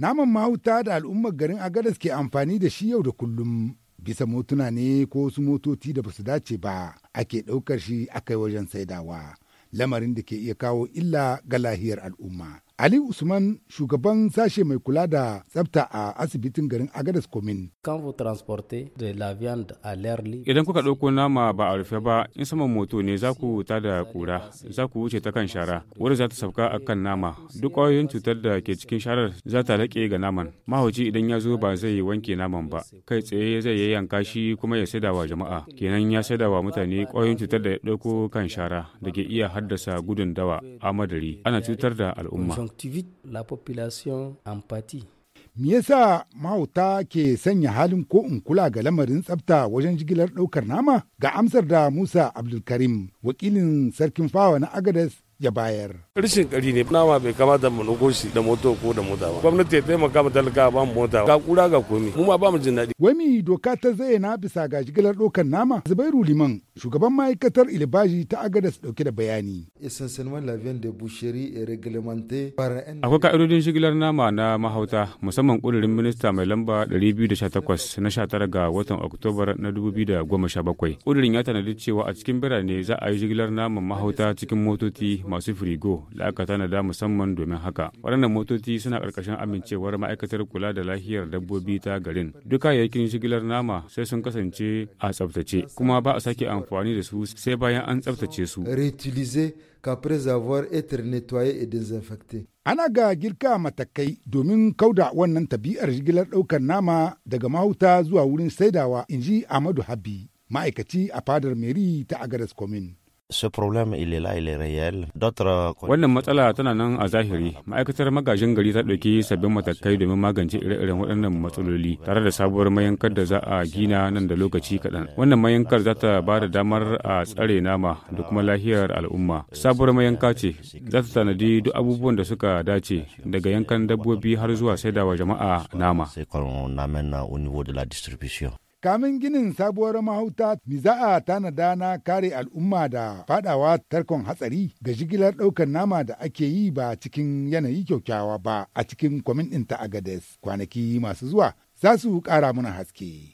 Naman mahauta da al'ummar garin Agadas ke amfani da shi yau da kullum. Bisa motuna ne ko wasu motoci da basu dace ba ake ɗaukar shi yi wajen saidawa. Lamarin da ke iya kawo illa ga lahiyar al'umma. Ali Usman shugaban sashe mai kula da tsafta a asibitin garin Agadas Komin. Idan kuka ɗauko nama ba a rufe ba in saman moto ne za ku ta da kura za ku wuce ta kan shara wadda za ta sauka a kan nama duk ƙwayoyin cutar da ke cikin sharar za ta laƙe ga naman mahauci idan ya zo ba zai wanke naman ba kai tsaye zai yi yanka shi kuma ya saida wa jama'a kenan ya saida wa mutane ƙwayoyin cutar da ya ɗauko kan shara da ke iya haddasa gudun dawa a madari ana cutar da al'umma. donc la population empathie. Me yasa mahauta ke sanya halin ko in kula ga lamarin tsafta wajen jigilar ɗaukar nama? Ga amsar da Musa Abdulkarim, wakilin sarkin fawa na Agadas ya bayar. Rishin kari ne nama bai kamata mu nuko shi da moto ko da mota ba. Gwamnati ya taimaka mu talaka ba mu mota ga kura ga komi mu ma ba mu jin daɗi. Wami doka ta zayyana bisa ga jigilar ɗaukar nama Zubairu Liman shugaban ma'aikatar Ilbaji ta Agadas ɗauke da bayani. Akwai ka'idodin jigilar nama na mahauta musamman ƙudurin minista mai lamba 218 na 19 ga watan Oktoba na 2017. Ƙudurin ya tanadi cewa a cikin birane za a yi jigilar naman mahauta cikin motoci masu firigo da aka tanada musamman domin haka. Waɗannan motoci suna ƙarƙashin amincewar ma'aikatar kula da lahiyar dabbobi ta garin. Duk kayayyakin jigilar nama sai sun kasance a tsaftace kuma ba a sake amfani da su sai bayan an tsaftace su. qu'après avoir été nettoyé et désinfecté. Ana ga girka matakai domin kauda wannan tabi'ar jigilar ɗaukar nama daga mahauta zuwa wurin saidawa, inji ji Amadu Habi, ma'aikaci a fadar Meri ta Agadas Komin. Wannan matsala tana nan a zahiri. Ma'aikatar magajin gari ta ɗauki sabbin matakai domin magance ire-iren waɗannan matsaloli tare da sabuwar mayankar da za a gina nan da lokaci kaɗan. Wannan mayankar za ta ba da damar a tsare nama da kuma lahiyar al'umma. Sabuwar mayanka ce za ta tanadi duk abubuwan da suka dace daga yankan dabbobi har zuwa saidawa jama'a nama. Kamin ginin sabuwar mahauta a tanada na kare al'umma da fadawa tarkon hatsari ga jigilar ɗaukar nama da ake yi ba cikin yanayi kyaukyawa ba a cikin kwamin ɗinta Agades kwanaki masu zuwa za su ƙara mana haske.